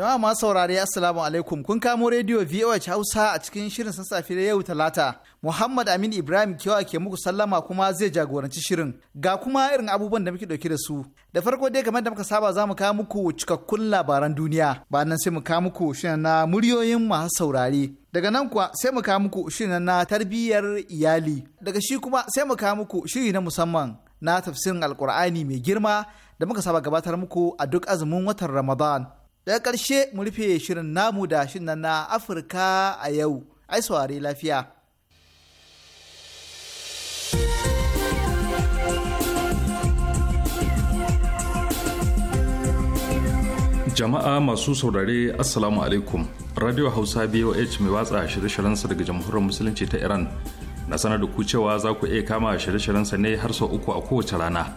Jama'a masu saurari Assalamu alaikum kun kamo rediyo VOH Hausa a cikin shirin sassafe da yau Talata. Muhammad Amin Ibrahim kewa ke muku sallama kuma zai jagoranci shirin. Ga kuma irin abubuwan da muke dauke da su. Da farko dai kamar da muka saba za mu kawo muku cikakkun labaran duniya. ba nan sai mu kawo muku shirin na muryoyin masu saurari Daga nan kuwa sai mu kawo muku shirin na tarbiyyar iyali. Daga shi kuma sai mu kawo muku shiri na musamman na tafsirin Alkur'ani mai girma da muka saba gabatar muku a duk azumin watan Ramadan. daga karshe mu rufe shirin namu da shirin na afirka a yau ai saurari lafiya jama'a masu saurare assalamu alaikum radio hausa boh mai watsa shirye sa daga jamhuriyar musulunci ta iran na sanar da ku cewa za ku iya kama shirye sa ne har sau uku a kowace rana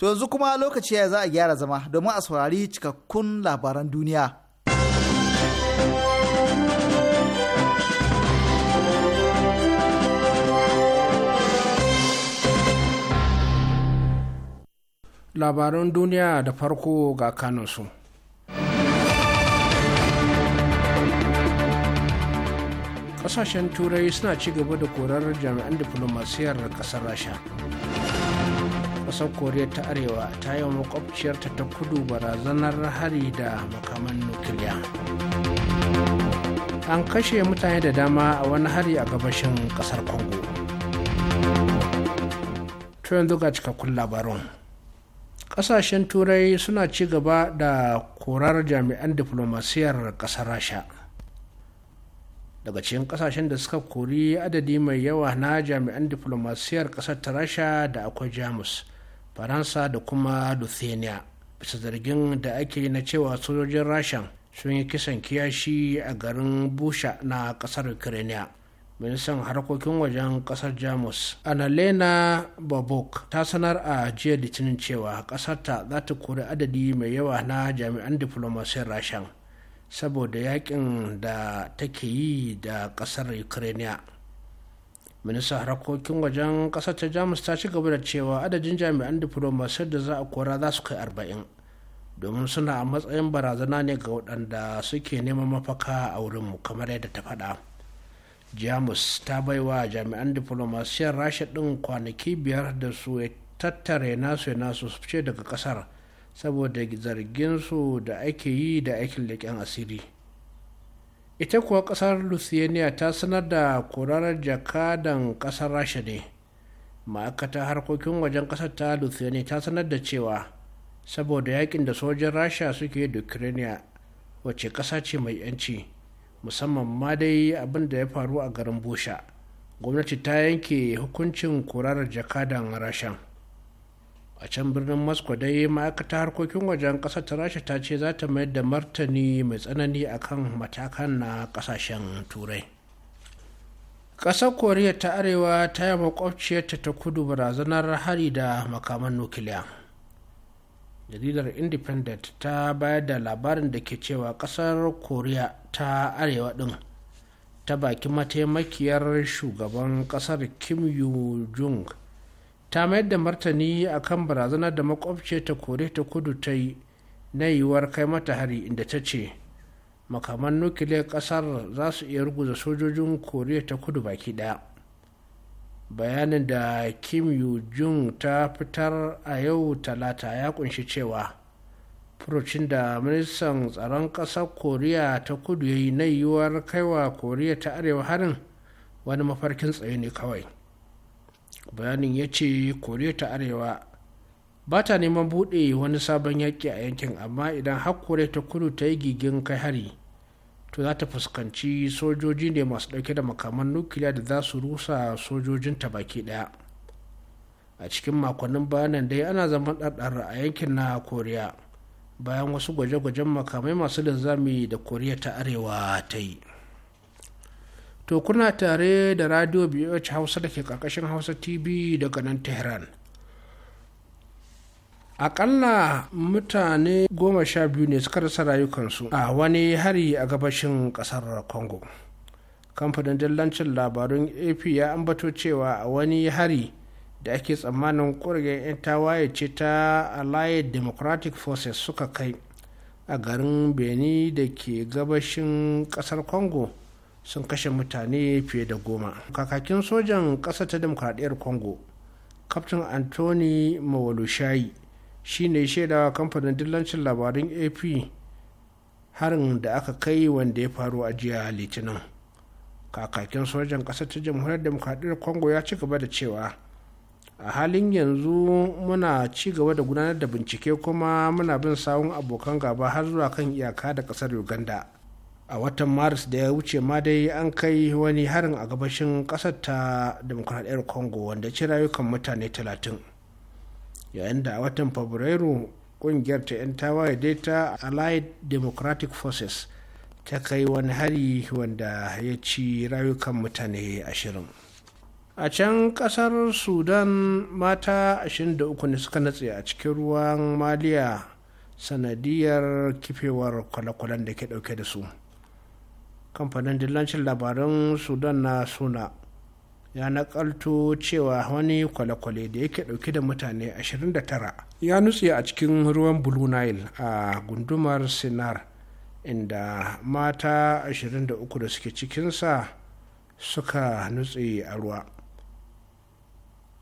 To yanzu kuma lokaci ya za a gyara zama domin a saurari cikakkun labaran duniya. Labaran duniya da farko ga kanunsu. Ƙasashen Turai suna ci gaba da korar jami'an diflomasiyyar ƙasar Rasha. kasar koriya ta arewa ta yi makwabciyarta ta kudu barazanar hari da makaman nukiliya an kashe mutane da dama a wani hari a gabashin ƙasar congo to yanzu ga cikakkun labarun ƙasashen turai suna ci gaba da korar jami'an diflomasiyar ƙasar rasha daga cikin kasashen da suka kori adadi mai yawa na jami'an diflomasiyyar kasar ta rasha da akwai jamus faransa da kuma lithuania bisa zargin da ake na cewa sojojin rashan sun yi kisan kiyashi a garin busha na kasar ukraine ministan harkokin wajen kasar jamus annalena babok ta sanar a jiya litinin cewa kasarta za ta kori adadi mai yawa na jami'an diplomasiyar rashan saboda yakin da take yi da kasar ukraine Ministar harkokin wajen ƙasar ta jamus ta ci gaba da cewa adadin jami'an diflomasiyar da za a kora za su kai arba'in domin suna a matsayin barazana ne ga waɗanda suke neman mafaka a wurinmu kamar yadda ta faɗa jamus ta baiwa jami'an diflomasiyar rasha ɗin kwanaki biyar da su ya tattare nasu ya nasu su fice daga ƙasar saboda zargin su da ake yi da aikin leƙen asiri ita kuwa kasar lithuania ta sanar da kurarar jakadan kasar rasha ne ma'aikatar harkokin wajen kasar ta lithuania ta sanar da cewa saboda yakin da sojin rasha suke da ukraine wacce kasa ce mai yanci musamman ma dai abin da ya faru a garin busha gwamnati ta yanke hukuncin kurarar jakadan rashan a can birnin moscow dai ma'aikata harkokin wajen ƙasar ta rasha ta ce za ta mayar da martani mai tsanani akan matakan na kasashen turai ƙasar koriya ta arewa ta yi makwabciyarta ta kudu barazanar hari da makaman nukiliya jaridar independent ta bayar da labarin da ke cewa ƙasar koriya ta arewa din ta baki mataimakiyar shugaban kasar kim yu jung ta mayar da martani a kan barazanar da makwabce ta kore ta kudu ta yi na yiwuwar kai mata hari inda ta ce makaman nukiliyar kasar za su iya ruguza sojojin koriya ta kudu baki daya bayanin da kim yu jung ta fitar a yau talata ya kunshi cewa furucin da ministan tsaron kasar koriya ta kudu ya yi na yiwuwar kaiwa koriya ta arewa harin wani mafarkin tsaye ne kawai bayanin ya ce koriya ta arewa ba ta neman buɗe wani sabon yaƙi a yankin amma idan har koriya ta kudu ta yi gigin kai hari to za ta fuskanci sojoji ne masu ɗauke da makaman nukiliya da za su rusa sojojin ta baki ɗaya a cikin makonnin bayanan dai ana zaman ɗarɗar a yankin na koriya bayan wasu gwaje-gwajen makamai masu linzami da koriya ta arewa ta yi to kuna tare da radio BOH Hausa da ke karkashin Hausa TV daga nan Tehran. Akalla mutane goma sha biyu ne suka rasa rayukansu a wani hari a gabashin ƙasar Congo. Kamfanin dillancin labarun AP ya ambato cewa a wani hari da ake tsammanin kurgen 'yan tawaye ce ta Allied Democratic Forces suka kai a garin Beni da ke gabashin ƙasar Congo. sun kashe mutane fiye da goma kakakin sojan ƙasa ta demokradiyyar congo kaftin anthony mawalushayi shi ne shaida kamfanin dillancin labarin ap harin da aka kai wanda ya faru a jiya litinin kakakin sojan ƙasar ta jamhuriyar demokradiyyar congo ya ci gaba da cewa a halin yanzu muna ci gaba da gudanar da bincike kuma muna bin sawun abokan gaba har zuwa kan iyaka da ƙasar uganda a watan maris da ya wuce ma dai an kai wani harin a gabashin ƙasar ta demokuraɗiyar congo wanda ci rayukan mutane 30 yayin da a watan fabrairu kungiyar ta 'yan tawaye dai ta allied democratic forces ta kai wani hari wanda ya ci rayukan mutane 20 a can kasar sudan mata 23 ne suka natse a cikin ruwan maliya sanadiyar kifewar kwale-kwalen da ke dauke da su kamfanin dillancin labaran sudan na suna ya nakalto cewa wani kwale-kwale da yake dauke da mutane 29 ya nutse a cikin ruwan blue nile a gundumar sinar inda mata 23 da suke cikinsa suka nutse a ruwa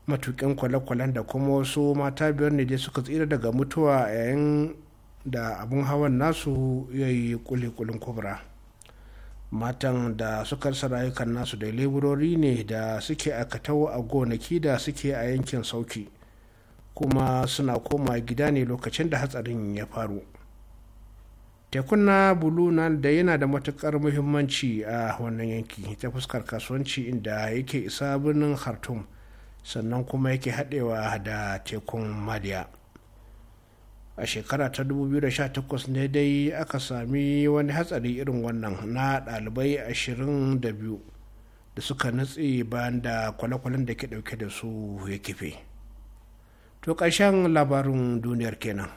matukin kwale-kwalen da kuma wasu mata biyar ne dai suka tsira daga mutuwa yayin da abin hawan nasu ya yi kulikulin kubra matan da suka rasa rayukan nasu da leburori ne da suke a katau a gonaki da suke a yankin sauki kuma suna koma gida ne lokacin da hatsarin ya faru tekun na bulu na da yana da matukar muhimmanci a wannan yanki ta fuskar kasuwanci inda yake isa birnin khartoum sannan kuma yake haɗewa da tekun madiya a shekara ta 2018 ne dai aka sami wani hatsari irin wannan na dalibai 22 da suka nutse bayan da kwale-kwalen da ke dauke da su ya kife to ƙarshen labarin duniyar kenan.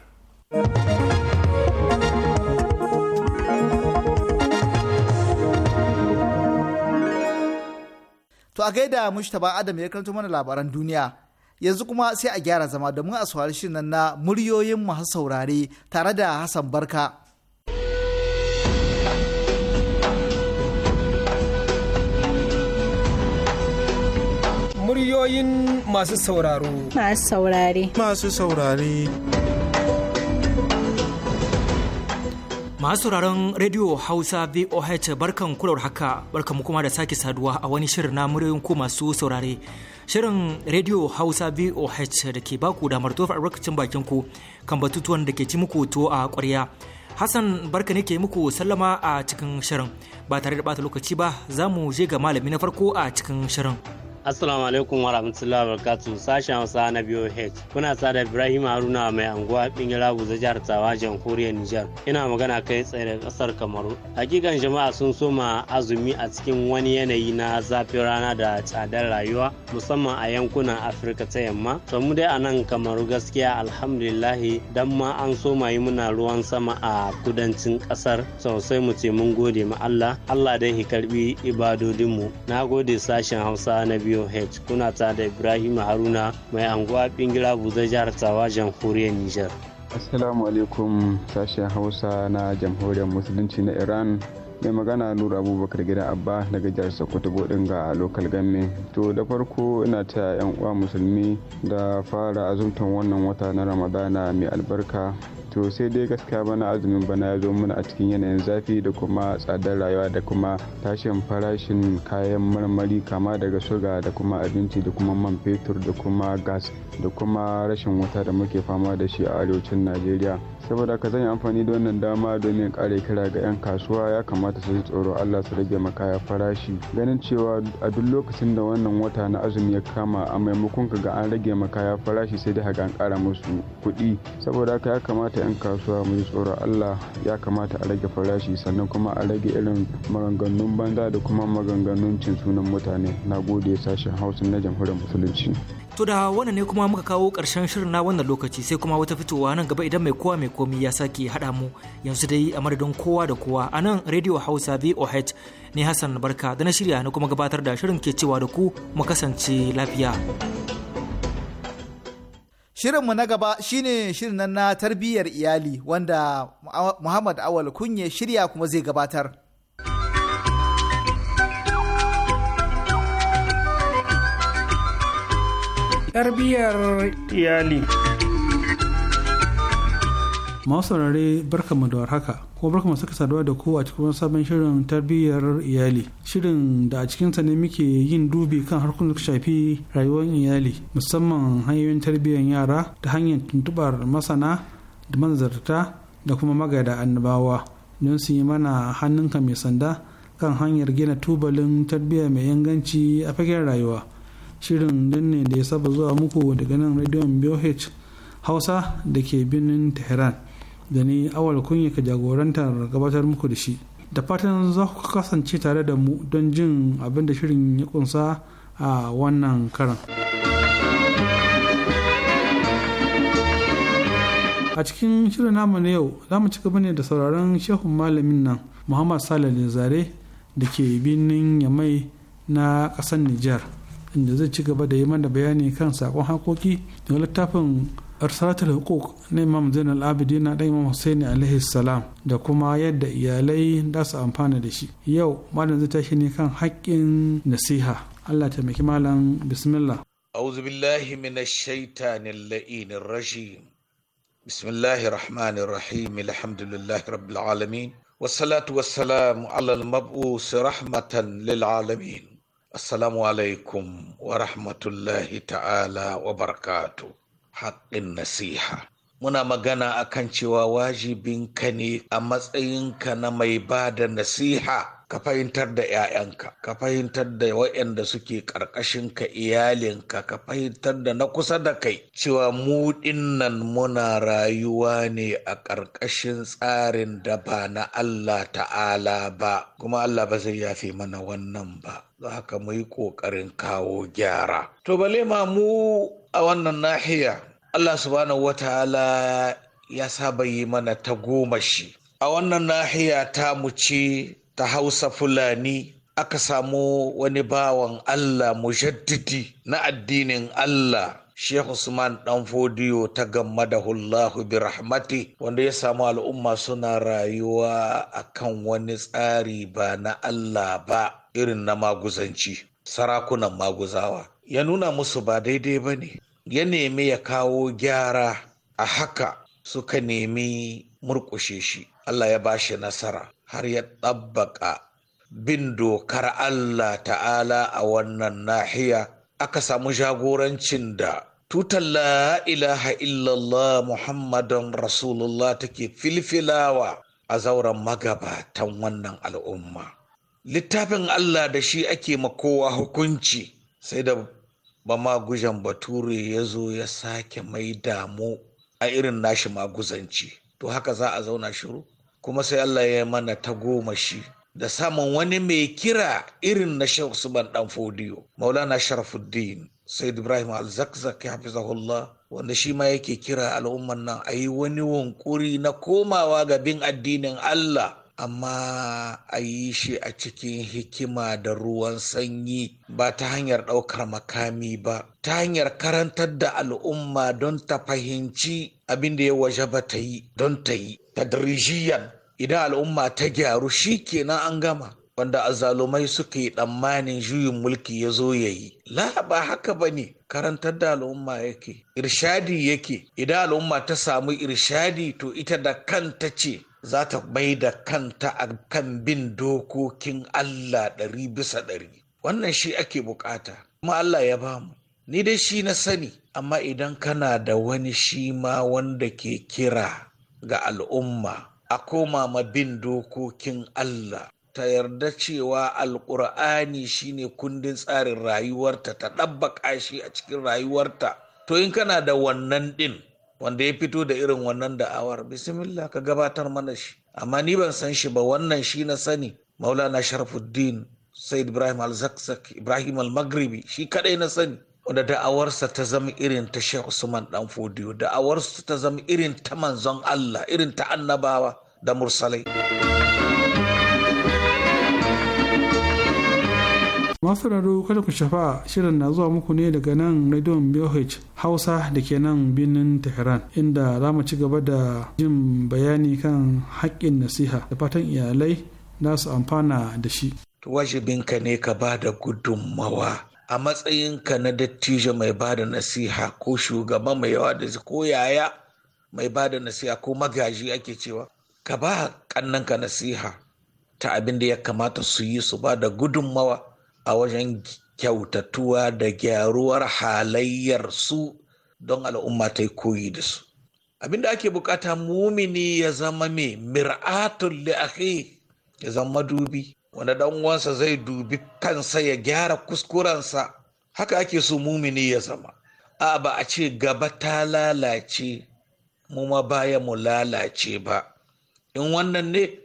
To a gaida Mustapha Adam ya karanto mana labaran duniya. yanzu kuma sai a gyara zama domin a saurari shirin nan na muryoyin masu saurare tare da Hassan Barka. Muryoyin masu sauraro. Masu saurare. Masu saurare. Masu sauraron Radio Hausa VOH barkan kular haka barkan kuma da sake saduwa a wani shirin na muryoyin ku masu saurare. Shirin Radio Hausa VOH da ke baku damar tofa rikicin bakin ku kan batutuwan da ke ci muku to a ƙwarya. Hassan barka ne ke muku sallama a cikin shirin ba tare da bata lokaci ba za mu je ga malami na farko a cikin shirin. Assalamu alaikum wa rahmatullahi wa barakatu sashen Hausa na BOH. Kuna sada Ibrahim Haruna mai anguwa labu zai jihar Tawa jamhuriyar Nijar. Ina magana kai tsaye da kasar Kamaru. Hakikan jama'a sun soma azumi a cikin wani yanayi na zafin rana da tsadar rayuwa musamman a yankunan Afirka ta yamma. To mu dai a Kamaru gaskiya alhamdulillahi dan ma an soma yi muna ruwan sama a kudancin kasar sosai mu ce mun gode ma Allah. Allah dai ya karbi ibadodinmu. Na gode sashen Hausa na biyu. WH kuna ta da ibrahim haruna mai anguwa bingila buzar jihar tawa jamhuriyar nijar assalamu alaikum sashen hausa na jamhuriyar musulunci na iran mai magana nura abubakar gida abba daga jihar sokoto bodin ga lokal ganne to da farko ina ta yan uwa musulmi da fara azumtan wannan wata na ramadana mai albarka to sai dai gaskiya bana azumin bana ya zo mana a cikin yanayin zafi da kuma tsadar rayuwa da kuma tashin farashin kayan marmari kama daga suga da kuma abinci da kuma man fetur da kuma gas da kuma rashin wuta da muke fama da shi a arewacin najeriya saboda ka zan yi amfani da wannan dama domin kare kira ga 'yan kasuwa ya kamata su ji tsoro allah su rage makaya farashi ganin cewa a duk lokacin da wannan wata na azumi ya kama a maimakon ga an rage makaya farashi sai da haga an kara musu kuɗi saboda ka ya kamata 'yan kasuwa mu yi tsoron allah ya kamata a rage farashi sannan kuma a rage irin maganganun banza da kuma maganganun cin sunan mutane na gode sashen hausa na jamhuriyar musulunci to da wannan ne kuma muka kawo karshen shirin na wannan lokaci sai kuma wata fitowa nan gaba idan mai kowa mai komi ya sake haɗa mu yanzu dai a madadin kowa da kowa a nan radio hausa voh ne hassan barka da na shirya na kuma gabatar da shirin ke cewa da ku mu kasance lafiya Shirinmu na gaba shine shirin nan na tarbiyyar iyali wanda Muhammad Awal kunye shirya kuma zai gabatar. Tarbiyyar iyali. masu saurare mu da warhaka ko mu suka saduwa da ku a cikin sabon shirin tarbiyyar iyali shirin da a cikinsa ne muke yin dubi kan harkokin da shafi rayuwar iyali musamman hanyoyin tarbiyyar yara da hanyar tuntubar masana da manzarta da kuma magada annabawa don su yi mana ka mai sanda kan hanyar gina tubalin tarbiyya mai inganci a fagen rayuwa shirin nan ne da ya saba zuwa muku daga nan rediyon BOH Hausa da ke birnin Tehran. da ni awal kunya ka jagorantar gabatar muku da shi da fatan za ku kasance tare da mu don jin abin da shirin ya kunsa a wannan karan a cikin shirin namu na yau za mu ci gaba ne da sauraron shehun malamin nan muhammad salih zare da ke birnin yamai na ƙasar nijar inda zai ci gaba da yi mana bayani kan sakon hakoki da littafin irsatul hukuk na imam zain al-abidin da imam husaini alaihi salam da kuma yadda iyalai da su amfana da shi yau malam zai tashi ne kan haƙƙin nasiha allah taimaki malam bismillah أعوذ بالله من الشيطان اللئين الرجيم بسم الله الرحمن الرحيم الحمد لله رب العالمين والصلاة والسلام على المبعوث رحمة للعالمين السلام عليكم ورحمة الله تعالى وبركاته haƙƙin nasiha muna magana a kan cewa wajibinka ne a matsayinka na mai ba da nasiha ka fahimtar da 'ya'yanka ka fahimtar da waɗanda suke ƙarƙashin ka iyalinka ka fahimtar da na kusa da kai cewa mu ɗinnan muna rayuwa ne a ƙarƙashin tsarin da ba na Allah ta'ala ba kuma Allah ba zai yafe mana wannan ba za ka mu yi ƙoƙarin kawo gyara to bale ma mu a wannan nahiya Allah subhanahu wataala ya saba yi mana ta goma shi a wannan nahiya ta mu ce ta hausa fulani aka samu wani bawan Allah mujaddidi na addinin Allah Sheikh Usman Dan Fodiyo ta gamma da hullahu bi rahmati wanda ya samu al'umma suna rayuwa akan wani tsari ba na Allah ba irin na maguzanci sarakunan maguzawa ya nuna musu ba daidai ba ne ya nemi ya kawo gyara a haka suka nemi murƙushe shi Allah ya ba shi nasara har ya ɗabbaƙa bin dokar Allah ta'ala a wannan nahiya aka samu jagorancin da tutar la ilaha illallah muhammadan rasulullah take filfilawa a zauren magabatan wannan al'umma littafin Allah da shi ake makowa hukunci sai da ba magujan bature ya zo ya sake mai damu a irin nashi maguzanci to haka za a zauna shiru kuma sai Allah ya mana ta goma shi da samun wani mai kira irin na Sheikh Usman dan Fodiyo Maulana Sharafuddin Sayyid Ibrahim Al-Zakzaki hafizahullah wanda shi ma yake kira al'ummar nan a yi wani wankuri na komawa ga bin addinin Allah amma a yi shi a cikin hikima da ruwan sanyi ba ta hanyar ɗaukar makami ba ta hanyar karantar da al'umma don ta fahimci abin da ya waje ba ta yi don ta yi tadrijiyan idan al'umma ta gyaru shi kenan an gama wanda azalumai suka yi tsammanin juyin mulki ya zo ya yi ba haka ba ne karantar da al'umma yake irshadi yake idan al'umma ta samu irshadi to ita da kanta ce za ta bai da kanta a kan bin dokokin Allah ɗari bisa ɗari wannan shi ake bukata kuma Allah ya bamu ni dai shi na sani amma idan kana da wani shi ma wanda ke kira ga al'umma a koma ma bin dokokin Allah ta yarda cewa Alkur'ani shine kundin tsarin rayuwarta ta ɗabbaƙa shi a cikin rayuwarta to in kana da wannan ɗin wanda ya fito da irin wannan da'awar bismillah ka gabatar mana shi amma ni ban san shi ba wannan shi na sani maulana sharafuddin said ibrahim al-zakzak ibrahim al-maghribi shi kadai na sani wanda da'awarsa ta zama irin ta shehu Usman dan Fodiyo da'awarsa ta zama irin ta manzon Allah irin ta annabawa da mursalai masu raro kada ku shafa shirin na zuwa muku ne daga nan radion BOH Hausa da ke nan birnin Tehran inda za mu ci gaba da jin bayani kan haƙƙin nasiha da fatan iyalai za su amfana da shi. Wajibinka ne ka ba da gudunmawa a matsayinka na dattijo mai ba da nasiha ko shugaba mai yawa da ko yaya mai ba da nasiha ko magaji ake cewa ka ba kannanka nasiha ta abin da ya kamata su yi su ba da gudunmawa a wajen kyautatuwa da gyaruwar halayyarsu don al'umma ta yi koyi da su abinda ake bukata mumini ya zama mai mir'atun li'akhi ya zama dubi wanda dan uwansa zai dubi kansa ya gyara kuskurensa haka ake so mumini ya zama a ba a ce gaba ta lalace mu ma baya mu lalace ba in wannan ne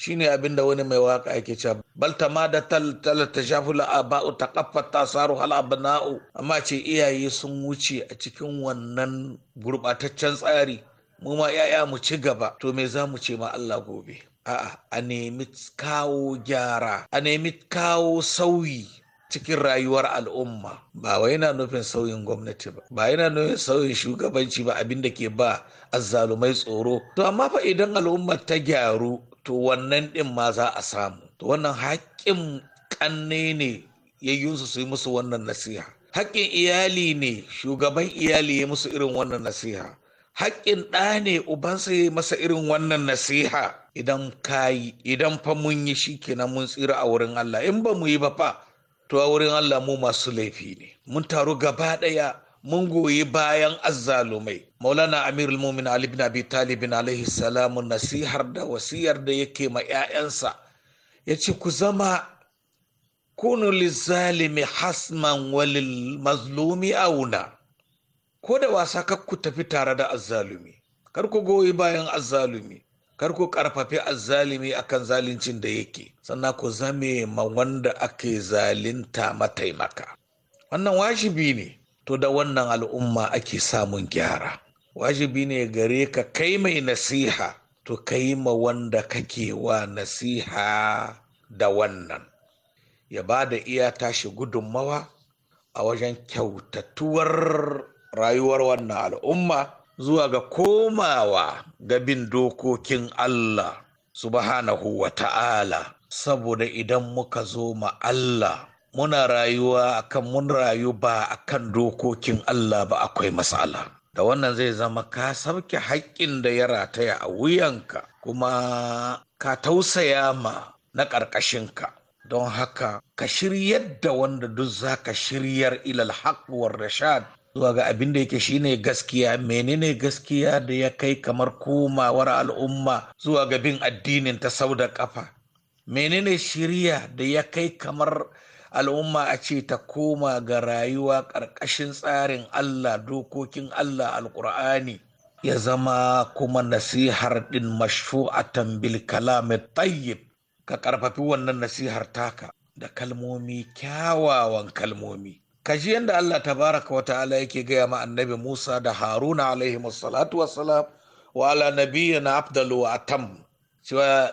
shine abin da wani mai waka yake cewa bal da tal ta shafi la'aba'u ta kaffa ta saru hal abna'u amma ce iyaye sun wuce a cikin wannan gurbataccen tsari mu ma yaya mu ci gaba to me za mu ce ma Allah gobe a'a a nemi kawo gyara a nemi kawo sauyi cikin rayuwar al'umma ba wai yana nufin sauyin gwamnati ba ba yana nufin sauyin shugabanci ba abinda ke ba azzalumai tsoro to amma fa idan al'umma ta gyaru to wannan ɗin ma za a samu to wannan haƙƙin ƙanne ne ya yi su yi musu wannan nasiha haƙƙin iyali ne shugaban iyali ya musu irin wannan nasiha haƙƙin ɗa ne ubansa ya masa irin wannan nasiha idan kayi idan fa mun yi shi mun tsira a wurin Allah in ba mu yi ba fa to a wurin Allah mu masu laifi ne mun taru gaba ɗaya mun goyi bayan azzalumai maulana amirul mumin ali bin abi talibin alaihi salamun nasihar da wasiyar da yake ma 'ya'yansa ya ce ku zama kunu lizalimi hasman walil mazlumi auna ko da wasa kar ku tafi tare da azzalumi kar ku goyi bayan azzalumi kar ku karfafi azzalumi akan zaluncin da yake sannan ku zame ma wanda ake zalinta mataimaka wannan wajibi ne to da wannan al'umma ake samun gyara wajibi ne gare ka kai mai nasiha to kai ma wanda kake wa nasiha da wannan ya ba da iya tashi gudunmawa a wajen kyautatuwar rayuwar wannan al'umma zuwa ga komawa ga bin dokokin Allah subhanahu wa ta'ala saboda idan muka zo ma Allah muna rayuwa akan mun rayu ba akan dokokin Allah ba akwai matsala. da wannan zai zama ka sauke haƙƙin da ya rataya a wuyanka kuma ka tausaya ma na ƙarƙashinka don haka ka shiryar da wanda duk za ka shiryar ilal haƙuwar rashad zuwa ga abin da yake shine gaskiya menene gaskiya da ya kai kamar komawar al'umma zuwa ga bin addinin ta sau da ƙafa menene shirya da ya kai kamar al'umma a ce ta koma ga rayuwa ƙarƙashin tsarin Allah dokokin Allah alƙur'ani ya zama kuma nasihar ɗin mashfu'atan bil kalamin tayyib ka ƙarfafi wannan nasihar taka da kalmomi kyawawan kalmomi Kaji yadda Allah tabaraka wa ta'ala yake gaya ma annabi Musa da Haruna alaihi salatu wassalam wa ala nabiyyina afdalu wa atam cewa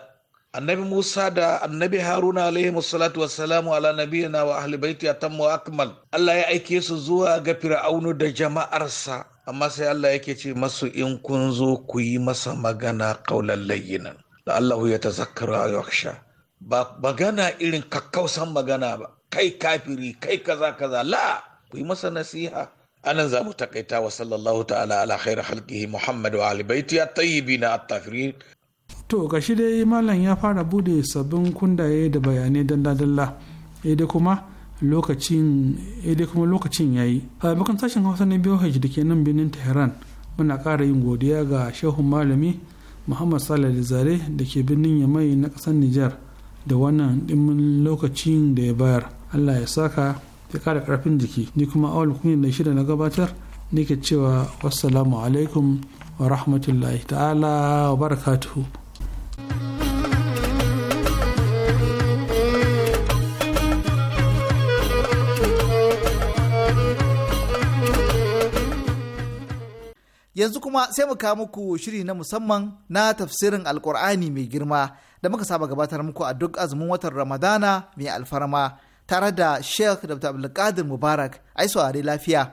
annabi musa da annabi haruna alaihi salatu wassalamu ala nabiyina wa ahli baiti atammu akmal allah ya aike su zuwa ga fir'aunu da jama'arsa amma sai allah yake ce masu in kun zo ku yi masa magana qaulan layyinan la allahu ya a yakhsha ba magana irin kakkausan magana ba kai kafiri kai kaza kaza la ku yi masa nasiha anan za mu takaita wa sallallahu ta'ala ala khairu halqihi muhammad wa ali baiti at-tayyibin at-tafirin to ga shi dai malam ya fara bude sabbin kundaye da bayanai dalla-dalla eh, dai kuma lokacin eh, dai kuma lokacin yayi a bakan sashen hausa na biyu da ke nan birnin tehran muna ƙara yin godiya ga shehun malami muhammad salih zare da ke birnin yamai na ƙasar nijar da wannan dimmin lokacin da ya bayar allah ya saka ya ƙara ƙarfin jiki ni kuma awal kunya da shida na gabatar nake cewa wassalamu alaikum wa rahmatullahi ta'ala wa barakatuhu yanzu kuma sai mu kawo muku shiri na musamman na tafsirin alkur'ani mai girma da muka saba gabatar muku a duk azumin watan ramadana mai alfarma tare da sheikh dr abdulkadir mubarak ai saurari lafiya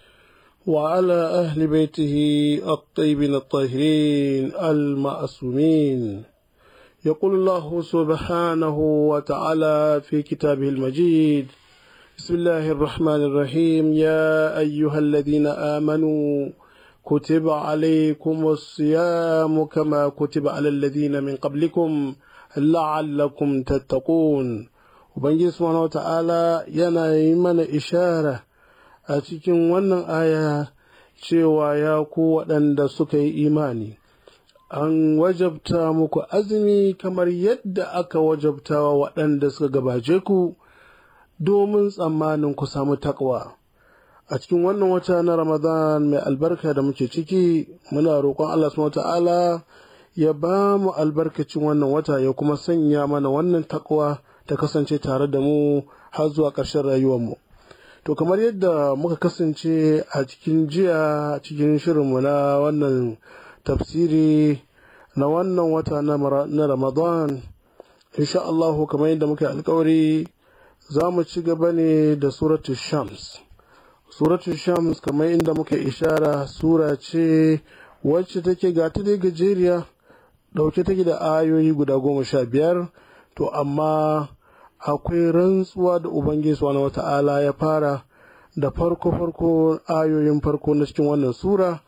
وعلى أهل بيته الطيبين الطاهرين المعصومين يقول الله سبحانه وتعالى في كتابه المجيد بسم الله الرحمن الرحيم يا أيها الذين آمنوا كتب عليكم الصيام كما كتب على الذين من قبلكم لعلكم تتقون وبنجي سبحانه وتعالى ينا من إشارة a cikin wannan aya cewa ya ku waɗanda suka yi imani an wajabta muku azumi kamar yadda aka wajabta wa waɗanda suka gabace ku domin tsammanin ku samu takwa a cikin wannan wata na ramadan mai albarka da muke ciki muna roƙon allah subhanahu ta'ala ya ba mu albarkacin wannan wata ya kuma sanya mana wannan takwa ta kasance tare da mu har zuwa ƙarshen mu. to kamar yadda muka kasance a cikin jiya cikin shirinmu na wannan tafsiri na wannan wata na ramadan insha Allahu kamar yadda muka alkawari za mu ci gaba ne da suratul shams suratul shams kamar inda muka ishara sura ce wacce take ga ta dai gajeriya dauke take da ayoyi guda goma sha biyar to amma akwai rantsuwa da ubangiji subhanahu wata'ala ya fara da farko farko ayoyin farko na cikin wannan sura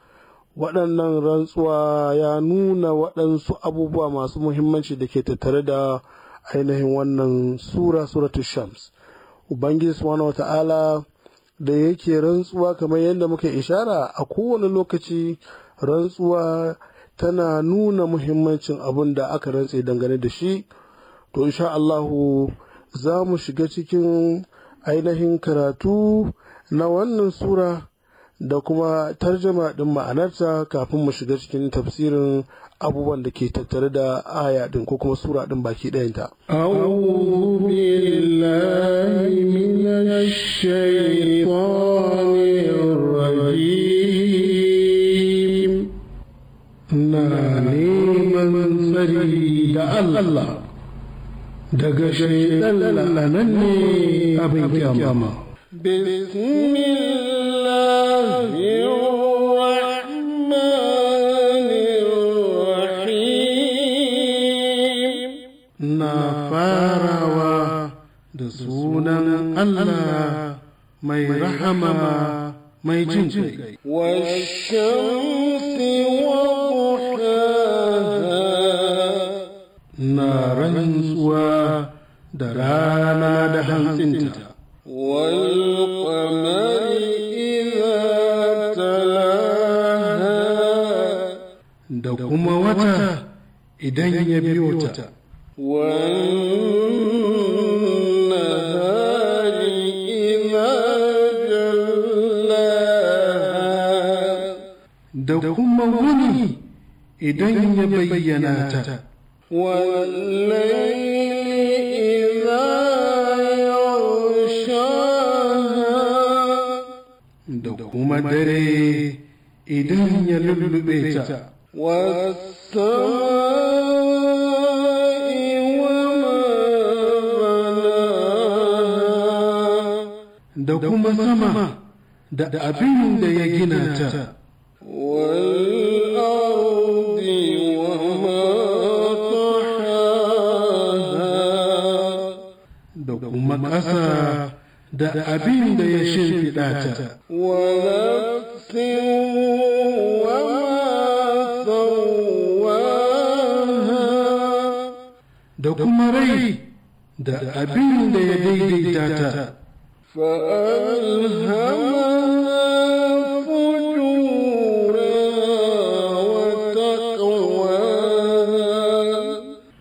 waɗannan rantsuwa ya nuna waɗansu abubuwa masu muhimmanci da ke tattare da ainihin wannan sura suratu shams ubangiji subhanahu wata'ala da yake rantsuwa kamar yadda muka ishara a kowane lokaci rantsuwa tana nuna muhimmancin abin da aka rantse dangane da shi to insha za mu shiga cikin ainihin karatu na wannan sura da kuma tarjama ɗin ma'anarta kafin mu shiga cikin tafsirin abubuwan da ke tattare da aya ɗin ko kuma sura ɗin baki ɗayanta. na neman tsari da Allah بسم الله الرحمن الرحيم نفارا دسونا الله ما يرحم ما يجنك والشمس da rana da hantsinta. Da kuma wata idan ya biyo ta. Da kuma wuni idan ya bayyana ta. Wallai kuma dare idan ya lullube ta da kuma sama da abin da ya gina ta da kuma ƙasa da abin da ya shirfiɗa ta. Da kuma rai da abin da ya daidaita ta.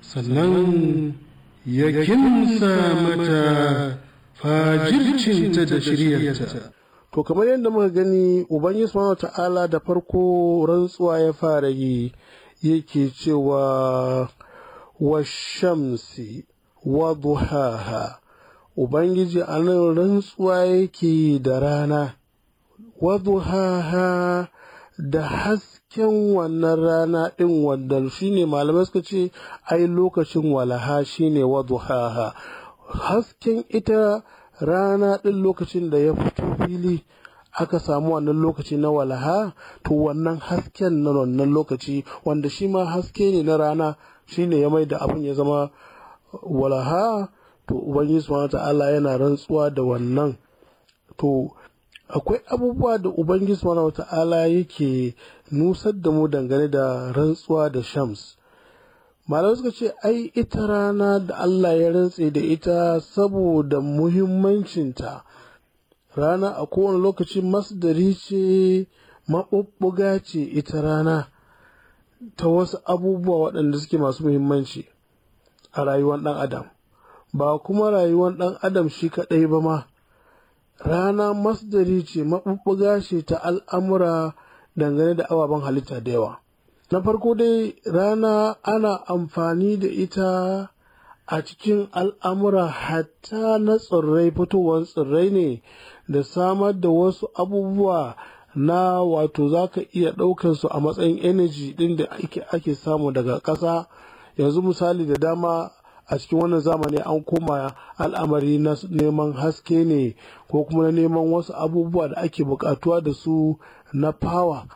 Sannan ya kimsa mata fajircinta da shiryarta to kamar yadda muka gani ubangiji subhanahu ta'ala da farko rantsuwa ya fara yi yake cewa wa shamsi wa duhaha ubangiji anan rantsuwa yake da rana wa duhaha da hasken wannan rana ɗin shi shine malamai suka ce ai lokacin walaha shine wa duhaha hasken ita rana ɗin lokacin da ya fito fili aka samu wannan lokaci na walaha to wannan hasken na wannan lokaci wanda shi ma haske ne na rana shi ne ya mai da abin ya zama walaha to ubangiji subhanahu ta'ala yana rantsuwa da wannan to akwai abubuwa da ubangiji subhanahu ta'ala yake nusar da mu dangane da rantsuwa da shams malamai suka ce ai ita rana da Allah ya rantse da ita saboda muhimmancinta rana a kowane lokaci masdari ce maɓuɓɓuga ce ita rana ta wasu abubuwa waɗanda suke masu muhimmanci a rayuwar ɗan adam ba kuma rayuwar ɗan adam shi kaɗai ba ma rana masdari ce maɓuɓɓuga ce ta al'amura dangane da ababen halitta da yawa na farko dai rana ana amfani da ita a cikin al'amura hatta na tsirrai fitowar tsirrai ne da samar da wasu abubuwa na wato za ka iya ɗaukar su a matsayin energy ɗin da ake samu daga ƙasa yanzu misali da dama a cikin wannan zamani an koma al'amari na neman haske ne ko kuma na neman wasu abubuwa da ake buƙatuwa da su na power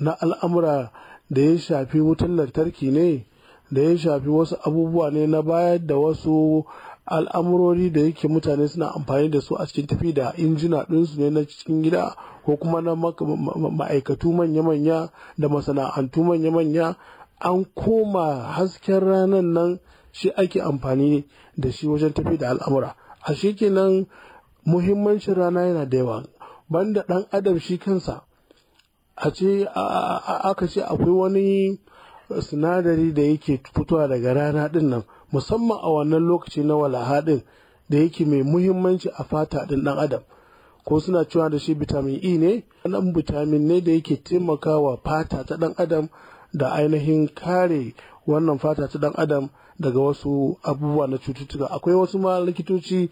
na al'amura da ya shafi wutan lantarki ne da ya shafi wasu abubuwa ne na bayar da wasu al'amurori da yake mutane suna amfani da su a cikin tafi da injina ɗinsu ne na cikin gida ko kuma na ma'aikatu manya-manya da masana'antu manya-manya an koma hasken ranar nan shi ake amfani da shi wajen tafi da al'amura a shi kenan muhimmancin rana yana da yawa banda ɗan adam shi kansa a ce aka ce akwai wani sinadari da yake fitowa daga rana din nan musamman a wannan lokaci na walaha din da yake mai muhimmanci a fata din dan adam ko suna cewa da shi vitamin E ne wannan vitamin ne da yake taimakawa fata ta dan adam da ainihin kare wannan fata ta dan adam daga wasu abubuwa na cututtuka akwai wasu ma likitoci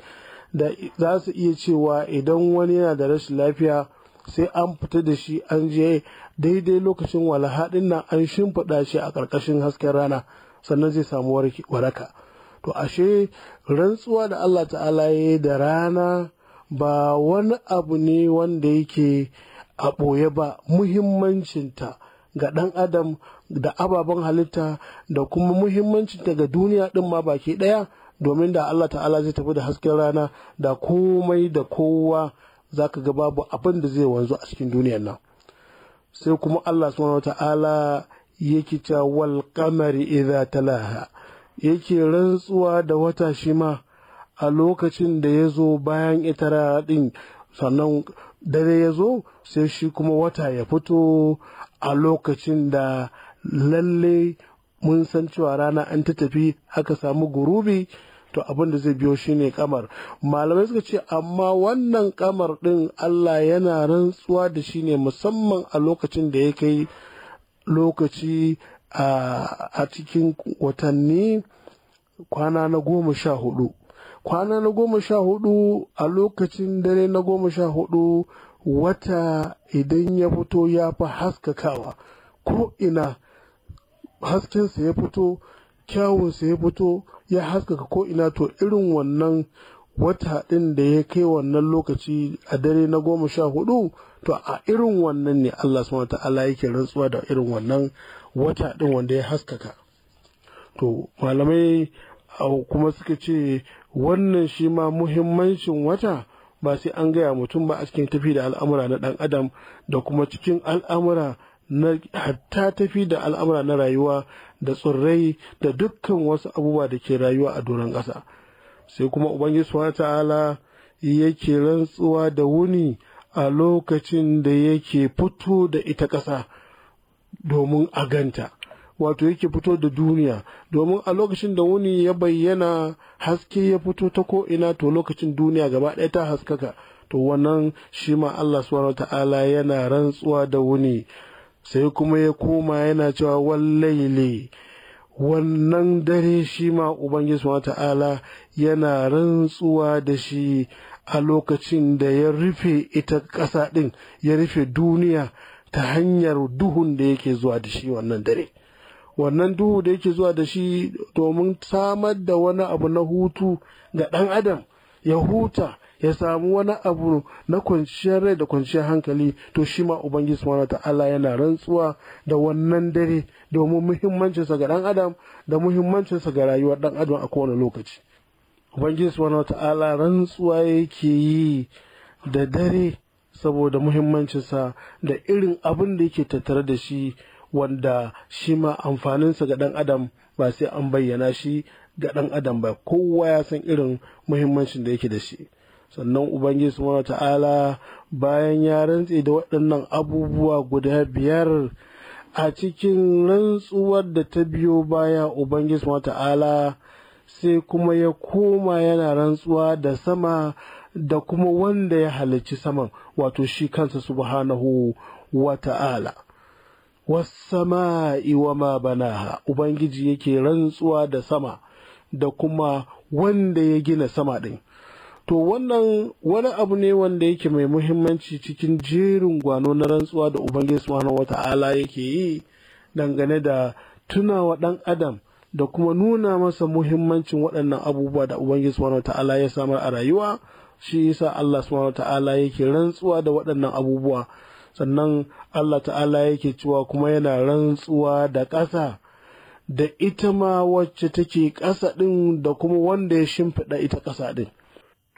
da za su iya cewa idan wani yana da rashin lafiya sai an fita da shi an je daidai lokacin haɗin nan an shimfiɗa shi a ƙarƙashin hasken rana sannan zai samu waraka to ashe rantsuwa da allah ta'ala ya yi da rana ba wani abu ne wanda yake a ɓoye ba muhimmancinta ga ɗan adam da ababen halitta da kuma muhimmancinta ga duniya ɗin ma baki ɗaya domin da allah ta'ala zai tafi da hasken rana da komai da kowa za ka ga babu abin da zai wanzu a cikin duniyar nan sai kuma Allah subhanahu ta'ala yake ta wal qamari idza talaha yake rantsuwa da wata shi ma a lokacin da ya zo bayan itara din sannan dare ya zo sai shi kuma wata ya fito a lokacin da lalle mun san cewa rana an ta tafi aka samu gurubi to abin da zai biyo shine kamar malamai suka ce amma wannan kamar din Allah yana rantsuwa da shi ne musamman a lokacin da ya kai lokaci a cikin watanni kwana na goma sha hudu kwana na goma sha hudu a lokacin dare na goma sha hudu wata idan ya fito ya fi haskakawa ko ina haskensa ya fito kyawunsa ya fito ya haskaka ko ina to irin wannan wata ɗin da ya kai wannan lokaci a dare na goma sha hudu to a irin wannan ne Allah subhanahu ta'ala yake rantsuwa da irin wannan wata ɗin wanda ya haskaka to malamai kuma suka ce wannan shi ma muhimmancin wata ba sai an gaya mutum ba a cikin tafi da al'amura na ɗan adam da kuma cikin al'amura na hatta tafi da al'amura na rayuwa da tsirrai da dukkan wasu abubuwa da ke rayuwa a doron ƙasa sai kuma ubangiji wa ta'ala yake rantsuwa da wuni a lokacin da yake fito da ita ƙasa domin a ganta wato yake fito da duniya domin a lokacin da wuni ya bayyana haske ya fito ta ko'ina to lokacin duniya gaba ɗaya ta haskaka to wannan shi ma Allah subhanahu ta'ala yana rantsuwa da wuni sai kuma ya koma yana cewa wallaili wannan dare shi ma ubangiji ta'ala yana rantsuwa da shi a lokacin da ya rufe ita ƙasa ɗin ya rufe duniya ta hanyar duhun da yake zuwa da shi wannan dare wannan duhu da yake zuwa da shi domin samar da wani abu na hutu ga ɗan adam ya huta ya samu wani abu na kwanciyar rai da kwanciyar hankali to shi ma ubangiji subhanahu ta'ala yana rantsuwa da wannan dare domin muhimmancinsa ga dan adam da muhimmancinsa ga rayuwar dan adam a kowane lokaci ubangiji subhanahu ta'ala rantsuwa yake yi da dare saboda muhimmancinsa da irin abin da yake tattare da shi wanda shi ma amfaninsa ga ɗan adam ba sai an bayyana shi ga dan adam ba kowa ya san irin muhimmancin da yake da shi sannan ubangiji subhanahu ta'ala bayan ya rantse da waɗannan abubuwa guda biyar a cikin rantsuwar da ta biyo baya ubangiji subhanahu ta'ala sai kuma ya koma yana rantsuwa da sama da kuma wanda ya halicci saman wato shi kansa subhanahu wa ta'ala wasama'i wa ma banaha ubangiji yake rantsuwa da sama da kuma wanda ya gina sama ɗin to wannan wani abu ne wanda yake mai muhimmanci cikin jerin gwano na rantsuwa da ubangiji subhanahu wata'ala yake yi dangane da tunawa dan adam da kuma nuna masa muhimmancin waɗannan abubuwa da ubangiji subhanahu wata'ala ya samar a rayuwa shi yasa Allah subhanahu wata'ala yake rantsuwa da waɗannan abubuwa sannan Allah ta'ala yake cewa kuma yana rantsuwa da ƙasa da ita ma wacce take ƙasa ɗin da kuma wanda ya shimfiɗa ita ƙasa ɗin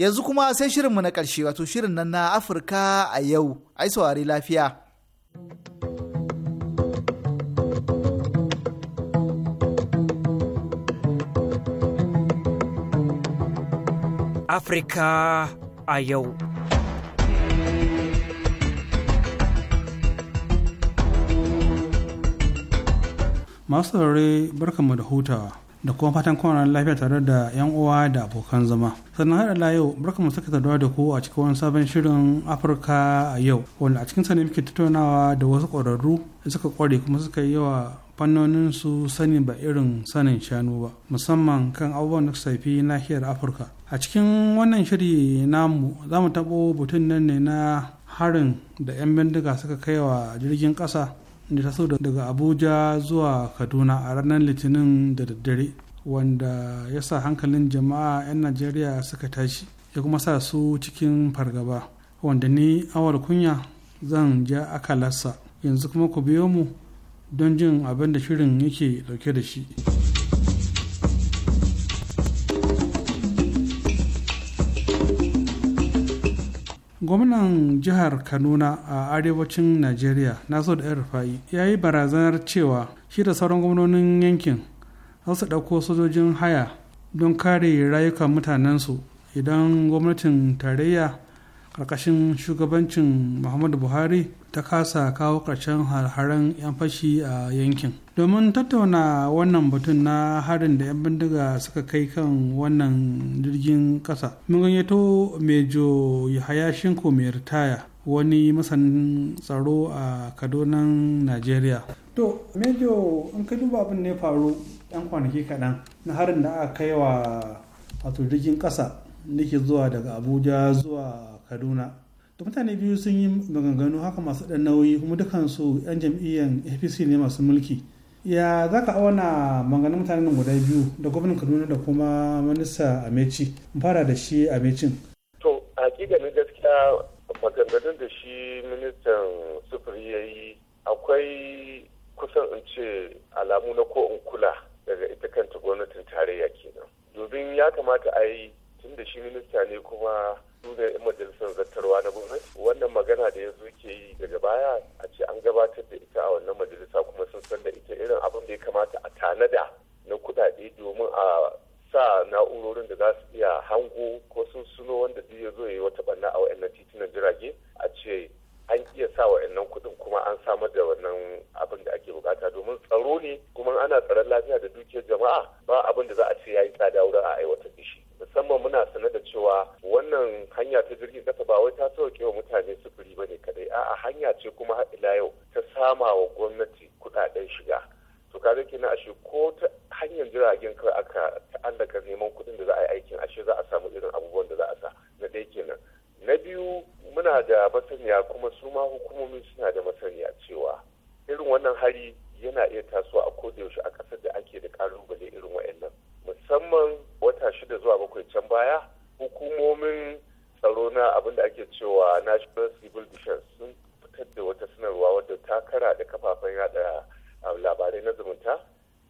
Yanzu kuma sai shirinmu na ƙarshe wato shirin nan na Afirka a yau, ai saurari lafiya. Afrika a yau. Masu saurare barkanmu da hutawa da kuma fatan kwanan lafiya tare da 'yan uwa da abokan zama. Sannan haɗa la yau barkanmu saka saduwa da ku a cikin wani sabon shirin Afirka a yau wanda a cikin sa ne muke tattaunawa da wasu ƙwararru suka ƙware kuma suka yi yawa fannonin su sani ba irin sanin shanu ba musamman kan abubuwan da na nahiyar afirka a cikin wannan shiri namu za mu taɓo butun nan ne na harin da 'yan bindiga suka kai wa jirgin ƙasa da ta daga abuja zuwa kaduna a ranar litinin da daddare wanda ya sa hankalin jama'a 'yan najeriya suka tashi ya kuma sa su cikin fargaba wanda ni awar kunya zan ja akalarsa yanzu kuma ku biyo mu don jin abin da shirin yake dauke da shi gwamnan jihar kanuna a arewacin najeriya da 'yar rufai ya yi barazanar cewa shi da sauran gwamnonin yankin za su ɗauko sojojin haya don kare rayukan mutanensu idan gwamnatin tarayya ƙarƙashin shugabancin muhammadu buhari ta kasa kawo ƙarshen harharen 'yan fashi a yankin domin tattauna wannan batun na harin da 'yan bindiga suka kai kan wannan jirgin ƙasa mun gayyato mejo yahaya shinko mai ritaya wani masanin tsaro a kadonan nigeria. to mejo in ka duba abin ne faru 'yan kwanaki kaɗan na harin da aka kai wa wato jirgin ƙasa da zuwa daga abuja zuwa kaduna to mutane biyu sun yi maganganu haka masu ɗan nauyi kuma dukansu 'yan jam'iyyar apc ne masu mulki ya za ka auna maganin mutanen guda biyu da gwamnan kaduna da kuma minista amechi fara da shi amechin to ganin gaskiya maganganun da shi ministan sufuri ya yi akwai kusan in ce alamu na ko in kula daga ita kanta gwamnatin tarayya kenan domin ya kamata a yi tun da shi minista ne kuma su ne yan majalisar zartarwa na gwamnati wannan magana da yanzu ke yi daga baya a ce an gabatar da ita a wannan majalisa kuma sun san da ita irin abin da ya kamata a tanada na kudade domin a sa na'urorin da za su iya hango ko sun suno wanda zai zo ya yi wata banna a wa'annan titunan jirage a ce an iya sa wa'annan kuɗin kuma an samar da wannan abin da ake bukata domin tsaro ne kuma ana tsaron lafiya da dukiyar jama'a ba abin da za a ce ya yi tsada wurin a aiwatar da shi musamman muna sane da cewa wannan hanya ta jirgin kasa ba wai ta sauke wa mutane sufuri ba ne kadai a'a hanya ce kuma har ila yau ta sama wa gwamnati kuɗaɗen shiga to ga kenan ashe ko ta hanyar jiragen kawai aka ta'allaka neman kuɗin da za a yi aikin ashe za a samu irin abubuwan da za a sa na dai kenan na biyu muna da masaniya kuma su ma hukumomi suna da masaniya cewa irin wannan hari yana iya tasowa a koda yaushe a ƙasar da ake da ƙalubale irin waɗannan. musamman wata shida zuwa bakwai can baya hukumomin tsaro na abin da ake cewa national civil defense sun fitar da wata sanarwa wadda ta kara da kafafen yada labarai na zumunta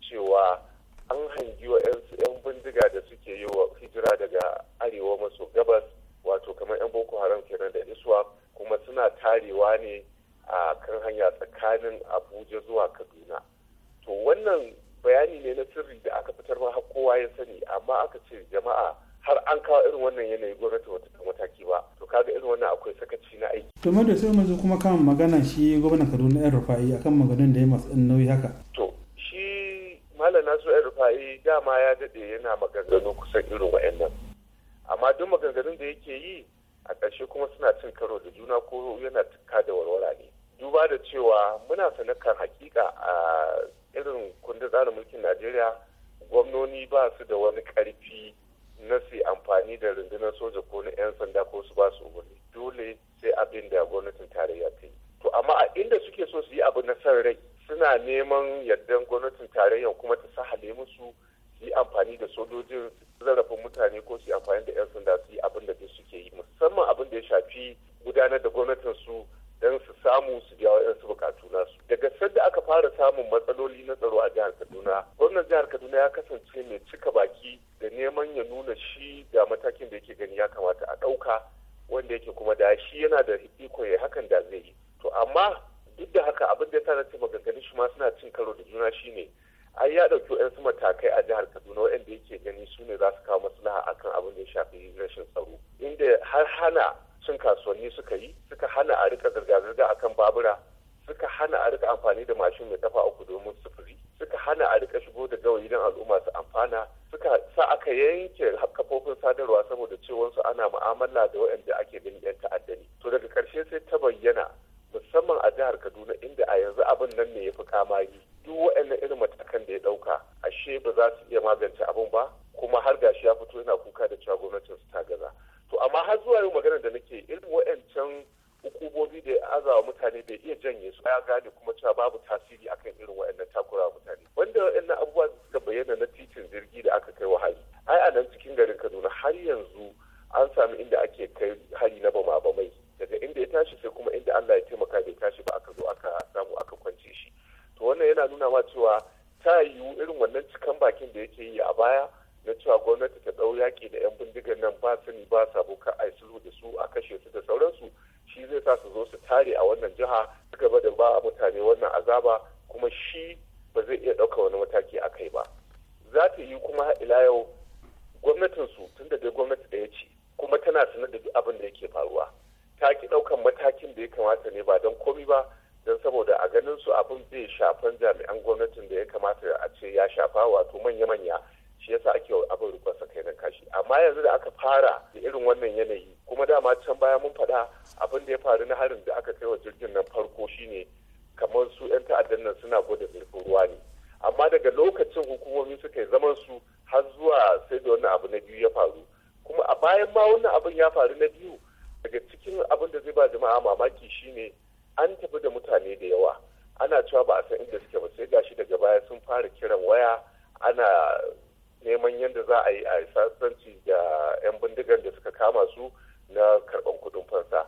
cewa an hangi wa 'yan bindiga da suke yi wa hijira daga arewa maso gabas wato kamar 'yan boko haram kenan da iswa kuma suna tarewa ne a kan hanya tsakanin abuja zuwa kaduna to wannan bayani ne na sirri da aka fitar ma har kowa ya sani amma aka ce jama'a har an kawo irin wannan yanayi gwamnati wata mataki ba to kaga irin wannan akwai sakaci na aiki. to da sai mu zo kuma kan magana shi gwamnan kaduna yan rufa'i akan maganin da ya masu ɗan nauyi haka. to shi malam nasu yan rufa'i dama ya daɗe yana maganganu kusan irin wa'annan amma duk maganganun da yake yi a ƙarshe kuma suna cin karo da juna ko yana tukka da warwara ne duba da cewa muna sanakar hakika a irin kundin tsarin mulkin najeriya gwamnoni ba su da wani karfi na su amfani da rundunar soja ko na 'yan sanda ko su ba su umarni dole sai abin da gwamnatin tarayya ta yi to amma a inda suke so su yi abu na san rai suna neman yardan gwamnatin tarayya kuma ta sahale musu su yi amfani da sojojin zarafin mutane ko su yi amfani da 'yan sanda su yi abin da suke yi musamman abin da ya shafi gudanar da gwamnatin su don su samu su biya yan bukatu nasu daga sadda aka fara samun matsaloli na tsaro a jihar kaduna gwamnan jihar kaduna ya kasance mai cika baki da neman ya nuna shi da matakin da yake gani ya kamata a ɗauka wanda yake kuma da shi yana da iko ya hakan da zai yi to amma duk da haka abin da ya tana ce maganganun shi ma suna cin karo da juna shine an ya ɗauki waɗansu matakai a jihar kaduna waɗanda yake gani su ne za su kawo maslaha akan abin da ya shafi rashin tsaro inda har hana cin kasuwanni suka yi suka hana a rika zirga-zirga akan babura suka hana a rika amfani da mashin mai kafa uku domin sufuri suka hana a rika shigo da gawayi don al'umma su amfana suka sa aka yanke kafofin sadarwa saboda cewansu ana mu'amala da waɗanda da suka kama su na karɓan kuɗin fansa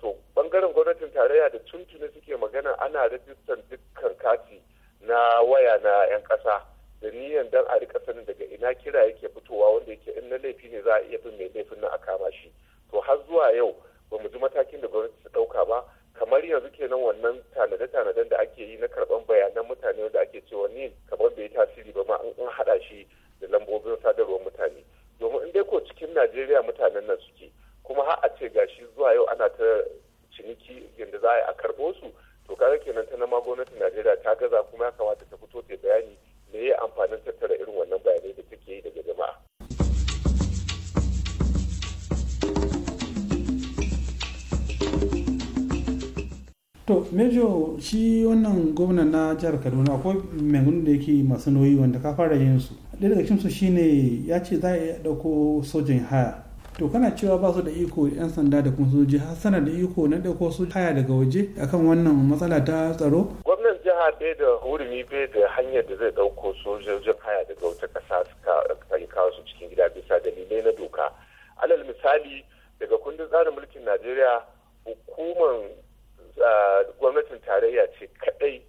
to ɓangaren gwamnatin tarayya da tuntuni suke magana ana rajistan dukkan kati na waya na 'yan ƙasa da niyan dan a rika sanin daga ina kira yake fitowa wanda yake in na laifi ne za a iya bin mai laifin nan a kama shi to har zuwa yau ba mu ji matakin da gwamnati ta ɗauka ba kamar yanzu kenan wannan tanade-tanaden da ake yi na karɓan bayanan mutane wanda ake cewa ni kamar bai tasiri ba ma an haɗa shi da lambobin sadarwar mutane domin in dai ko cikin najeriya mutanen nan suke kuma har a ce gashi zuwa yau ana ta ciniki yadda za a yi a karɓo su to kaga kenan ta nama gwamnatin najeriya ta gaza kuma ya kamata ta fito ta bayani me ya amfanin tattara irin wannan bayanai da take yi daga jama'a to mejo shi wannan gwamnan na jihar kaduna akwai maimakon da yake masu nauyi wanda ka fara yin su ɗaya daga cikinsu shine ya ce za a ɗauko sojin haya to kana cewa ba su da iko yan sanda da kuma soji har sana da iko na ɗauko soji haya daga waje akan wannan matsala ta tsaro gwamnan jiha bai da hurumi bai da hanyar da zai ɗauko sojojin haya daga wata ƙasa su kawo su cikin gida bisa dalilai na doka alal misali daga kundin tsarin mulkin najeriya hukumar gwamnatin tarayya ce kadai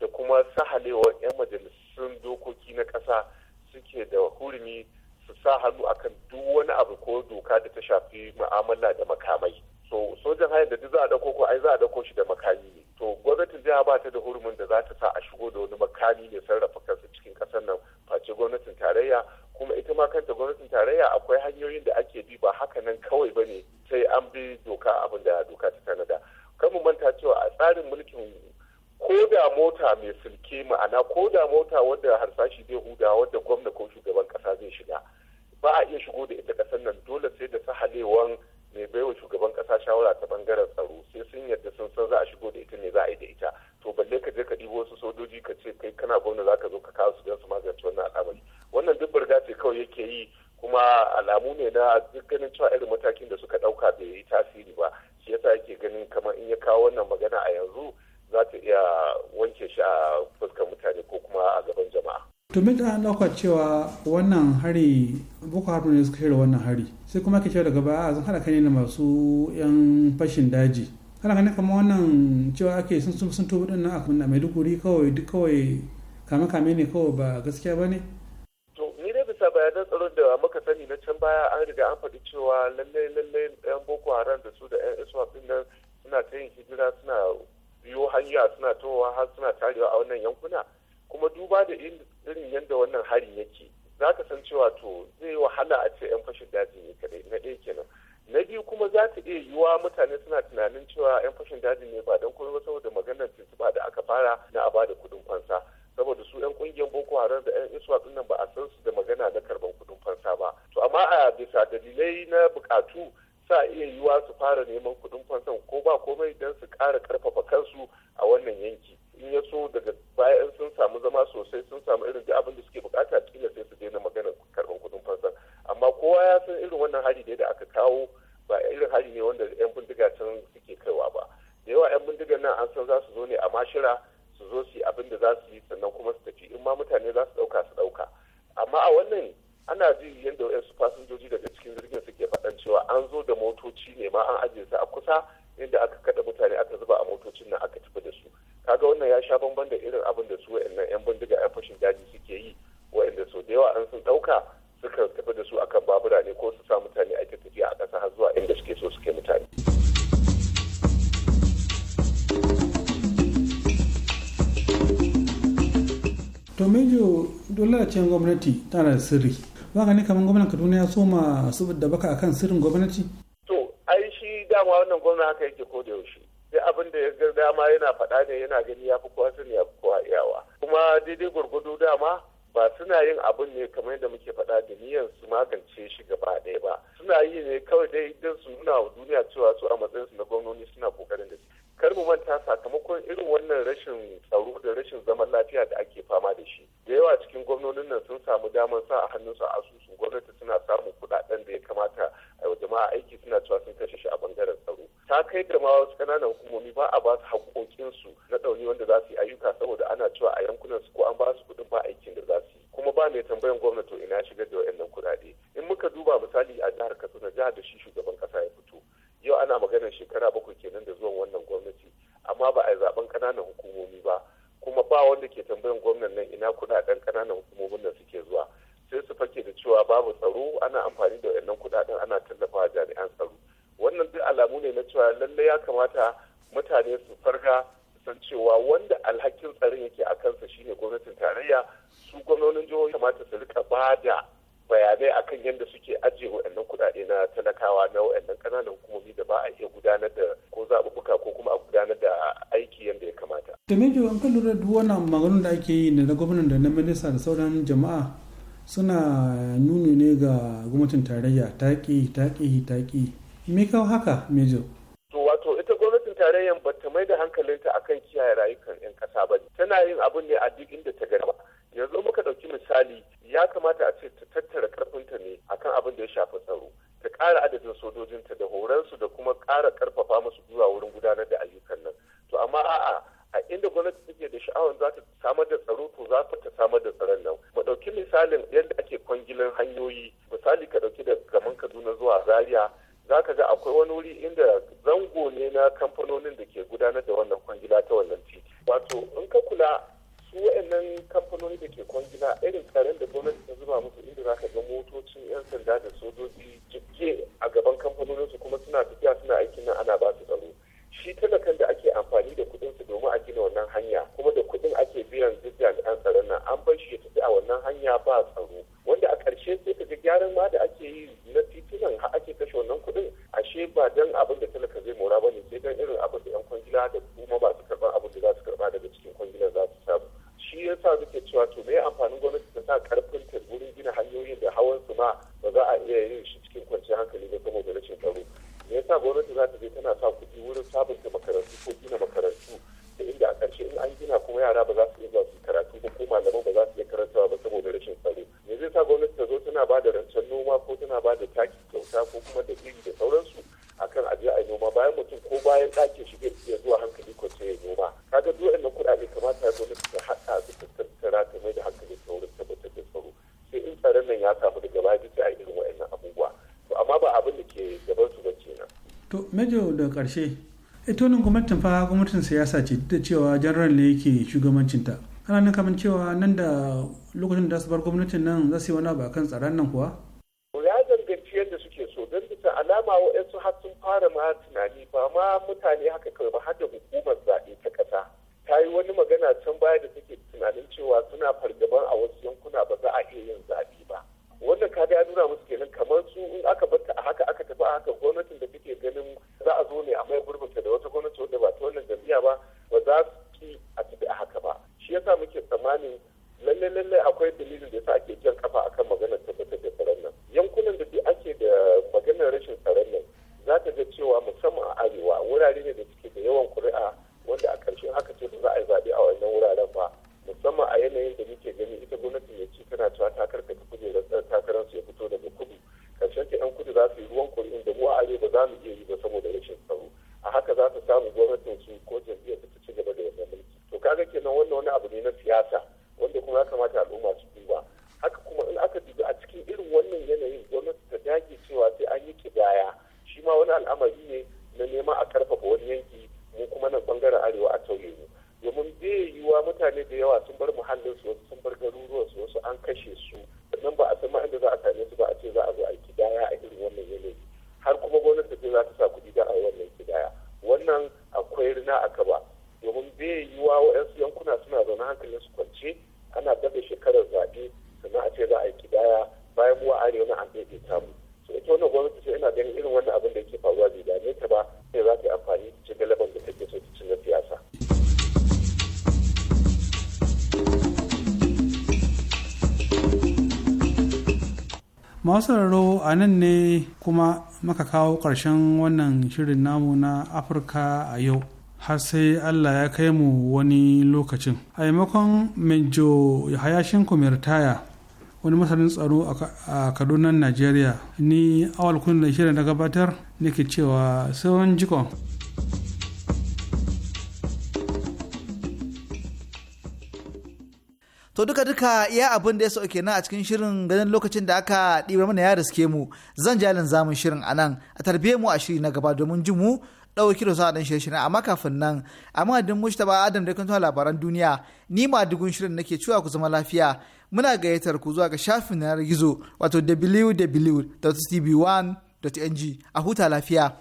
da kuma sahalewar 'yan majalisun dokoki na kasa suke da hurumi su sa hannu akan duk wani abu ko doka da ta shafi mu'amala da makamai so sojan hanyar da duk za a dauko ko ai za a dauko shi da makami ne to gwamnatin jiha ba ta da hurumin da za ta sa a shigo da wani makami ne sarrafa kansa cikin kasar nan face gwamnatin tarayya kuma ita ma kanta gwamnatin tarayya akwai hanyoyin da ake bi ba haka nan kawai ne sai an bi doka abin da doka ta tanada kan mu manta cewa a tsarin mulkin ko da mota mai silke ma'ana ko da mota wadda harsashi zai huda wadda gwamna ko shugaban kasa zai shiga ba a iya shigo da ita kasan nan dole sai da sahalewan mai baiwa shugaban kasa shawara ta bangaren tsaro sai sun yadda sun san za a shigo da ita ne za a yi da ita to balle ka je ka ɗibo wasu sojoji ka ce kai kana gwamna za ka zo ka kawo su don su magance wannan al'amari wannan duk barga ce kawai yake yi kuma alamu ne na duk ganin cewa irin matakin da suka ɗauka bai yi tasiri ba shi yasa yake ganin kamar in ya kawo wannan magana a yanzu za ta iya wanke shi a fuskar mutane ko kuma a gaban jama'a. to mun an cewa wannan hari boko haram ne suka shirya wannan hari sai kuma ke cewa daga baya zan haɗa kai da masu yan fashin daji kana ganin kamar wannan cewa ake sun sun sun tobi ɗin nan a maiduguri kawai duk kawai kame kame ne kawai ba gaskiya ba ne. matakan tsaron da muka sani na can baya an riga an faɗi cewa lallai lallai yan boko haram da su da yan iswap din nan suna ta yin hijira suna biyo hanya suna towa har suna tarewa a wannan yankuna kuma duba da irin yadda wannan hari yake za ka san cewa to zai wahala a ce yan fashin daji ne kadai na ɗaya kenan na biyu kuma za ta iya yiwuwa mutane suna tunanin cewa yan fashin daji ne ba don kuma saboda maganar ba da aka fara na a bada kuɗin kwansa. saboda su yan kungiyar boko haram da yan iswa dinnan ba a san su da magana na karban kudin fansa ba to amma a bisa dalilai na bukatu sa iya yiwa su fara neman kudin fansan ko ba komai don su kara karfafa kansu a wannan yanki in ya so daga baya sun samu zama sosai sun samu irin duk abin da suke bukata kila sai su daina magana karban kudin fansan amma kowa ya san irin wannan hari da aka kawo ba irin hari ne wanda yan bindiga can suke kaiwa ba da yawa yan bindigan nan an san za su zo ne a mashira su zo su yi abin da za su yi sannan kuma su tafi in ma mutane za su ɗauka su ɗauka amma a wannan ana ji yadda wasu fasinjoji daga cikin jirgin suke faɗan cewa an zo da motoci ne ma an ajiye su a kusa inda aka kaɗa mutane aka zuba a motocin nan aka tafi da su kaga wannan ya sha bamban da irin abin da su wa'annan 'yan bindiga 'yan fashin daji suke yi wa'anda sau da yawa an sun ɗauka suka tafi da su akan babura ne ko su sa mutane ake tafiya a ƙasa har zuwa inda suke so suke mutane. to mejo cikin gwamnati tana da sirri ba ka ne kamar gwamnan kaduna ya soma saboda baka akan sirrin gwamnati to ai shi dama wannan gwamna haka yake ko da yaushe sai abin da ya ga dama yana faɗa ne yana gani ya fi kowa sani ya fi kowa iyawa kuma daidai gwargwado dama ba suna yin abin ne kamar yadda muke faɗa da niyyar su magance shi gaba ɗaya ba suna yi ne kawai dai idan su nuna wa duniya cewa su a matsayin su na gwamnoni suna kokarin da su kar mu manta sakamakon irin wannan rashin tsaro da rashin zaman lafiya da ake fama da shi da yawa cikin gwamnonin nan sun samu damar sa a hannunsu a asusun gwamnati suna samun kuɗaɗen da ya kamata a jama'a aiki suna cewa sun kashe shi a bangaren tsaro ta kai da ma wasu ƙananan hukumomi ba a ba su na ɗauni wanda za su yi ayyuka saboda ana cewa a yankunan su ko an ba su kuɗin ba aikin da za su yi kuma ba mai tambayan gwamnati ina shigar da waɗannan kuɗaɗe in muka duba misali a jihar katsina jihar da shi shugaban ƙasa ya fito yau ana maganar shekara bakwai kenan da zuwan wannan gwamnati amma ba a yi zaben kananan hukumomi ba kuma ba wanda ke tambayan gwamnan nan ina kudaden kananan hukumomin nan suke zuwa sai su fake da cewa babu tsaro ana amfani da wayannan kudaden ana tallafawa jami'an tsaro wannan duk alamu ne na cewa lallai ya kamata mutane su farga san cewa wanda alhakin tsaron yake a kansa shine gwamnatin tarayya su gwamnonin jihohi kamata su rika ba da bayanai akan yadda suke ajiye waɗannan kuɗaɗe na talakawa na waɗannan ƙananan hukumomi da ba a iya gudanar da ko zaɓuɓɓuka ko kuma a gudanar da aiki yadda ya kamata. da mejo an kan lura duk wannan da ake yi na gwamnan da na minista da sauran jama'a suna nuni ne ga gwamnatin tarayya taƙi taƙi taƙi me kawo haka mejo. to wato ita gwamnatin tarayyan ba ta mai da hankalinta akan kiyaye rayukan 'yan ƙasa ba tana yin abin ne a duk inda ta gaba yanzu muka ɗauki misali ya kamata a ce ta tattara karfinta ne akan abin da ya shafi tsaro ta ƙara adadin sojojinta da horonsu da kuma ƙara ƙarfafa musu zuwa wurin gudanar da ayyukan nan to amma a'a a inda gwamnati take da sha'awar za ta samar da tsaro to za ta samar da tsaron nan mu ɗauki misalin yadda ake kwangilan hanyoyi misali ka ɗauki da gaman kaduna zuwa zaria za ka ga akwai wani wuri inda zango ne na kamfanonin da ke gudanar da wannan kwangila ta wannan titi wato in ka kula su wa'annan kamfanoni da ke kwangila irin tsaron da gwamnati ta zuba musu inda za ka ga motocin 'yan sanda da sojoji jikke a gaban kamfanoninsu kuma suna tafiya suna aikin nan ana ba su tsaro shi talakan da ake amfani da kuɗin su domin a gina wannan hanya kuma da kuɗin ake biyan duk jami'an tsaron nan an bar shi ya tafi a wannan hanya ba tsaro wanda a ƙarshe sai ka ga gyaran ma da ake yi na titunan har ake kashe wannan kuɗin ashe ba dan abin da talaka zai mora ba ne sai dan irin abin da 'yan kwangila da kuma ba su karɓar abin da za su karɓa daga cikin kwangilar za su samu shi ya sa duke cewa to me amfanin gwamnati ta sa karfin ta wurin gina hanyoyin da hawan su ma ba za a iya yin shi cikin kwanciyar hankali ba saboda rashin tsaro me yasa gwamnati za ta je tana sa kuɗi wurin sabunta makarantu ko gina makarantu da inda a ƙarshe in an gina kuma yara ba za su iya zuwa karatu ba ko malaman ba za su iya karantawa ba saboda rashin tsaro me zai sa gwamnati ta zo tana ba da rancen noma ko tana ba da taki kyauta ko kuma da iri da sauransu akan aje a noma bayan mutum ko bayan ɗakin shi zai iya zuwa hankali kwance ya noma kaga duk wannan kuɗaɗe kamata ya gwamnati ta haɗa su ta tattara ta mai da hankali ta wurin tabbatar da tsaro sai in tsaron nan ya samu daga baya duk a irin wa'annan abubuwa to amma ba abin da ke gaban su ba kenan. to mejo da karshe ita wannan gwamnatin fa gwamnatin siyasa ce da cewa janar ne yake shugabancinta ana nan kamar cewa nan da lokacin da su bar gwamnatin nan za su yi wani abu akan tsaron nan kuwa. kama waɗansu har sun fara ma tunani ba ma mutane haka kawai ba har da hukumar zaɓe ta ƙasa ta yi wani magana can baya da suke tunanin cewa suna fargaban a wasu yankuna ba za a iya yin zaɓe ba wannan ka ya nuna musu kenan kamar su in aka ta a haka aka tafi a haka gwamnatin da take ganin za a zo ne a mai gurbinta da wata gwamnati wadda ba ta wannan jam'iyya ba ba za su ki a tafi a haka ba shi yasa muke tsammanin lallai lallai akwai dalilin da yasa ake jan kafa akan maganar tabbatar da tsaron nan yankunan da duk an wannan rashin tsaron nan za ta ga cewa musamman a arewa wurare ne da suke da yawan kuri'a wanda a ƙarshen aka ce ba za a yi zaɓe a wannan wuraren ba musamman a yanayin da muke gani ita gwamnati ya ci tana cewa ta karkata kujerar takarar su ya fito daga kudu ƙarshen ta yan kudu za su yi ruwan kuri'un da mu a arewa za mu iya yi ba saboda rashin tsaro a haka za su samu gwamnatin su ko jam'iyyar ta ci gaba da wannan mulki to kaga kenan wannan wani abu ne na siyasa wanda kuma ya kamata al'umma su duba haka kuma in aka dubi a cikin irin wannan yanayin gwamnati ta dage cewa sai an yi kidaya shi ma wani al'amari ne na nema a karfafa wani yanki mu kuma nan bangaren arewa a tauye mu domin bai yiwuwa mutane da yawa sun bar muhallin su wasu sun bar garuruwan su wasu an kashe su sannan ba a san ma inda za a same su ba a ce za a zo a yi kidaya a irin wannan yanayi har kuma gwamnati ce za ta sa kuɗi da a yi wannan kidaya wannan akwai rina a kaba domin bai yiwuwa waɗansu yankuna suna zaune hankalin su kwance ana daga shekarar zaɓe sannan a ce za a yi kidaya bayan buwa arewa na an daidaita mu su ita wannan gwamnati sai ina ganin irin wannan abin da yake faruwa bai dame ta ba sai za ta yi amfani da galaban da take so ta ci na siyasa. masu sauraro a nan ne kuma maka kawo ƙarshen wannan shirin namu na afirka a yau har sai allah ya kai mu wani lokacin a maimakon menjo hayashin kumirtaya wani masanin tsaro a kaduna najeriya ni awal kundin shirin da gabatar nake cewa sauran jikon to duka duka iya abin da ya sauke na a cikin shirin ganin lokacin da aka ɗibar mana ya riske mu zan jalin zamun shirin a nan a tarbe mu a shiri na gaba domin jin mu ɗauki da sa'adin shirin amma kafin nan a madadin mustapha adam da kan labaran duniya ni ma dugun shirin nake cewa ku zama lafiya muna gayyatar ku zuwa ga shafin yanar gizo wato www.tv1.ng a huta lafiya.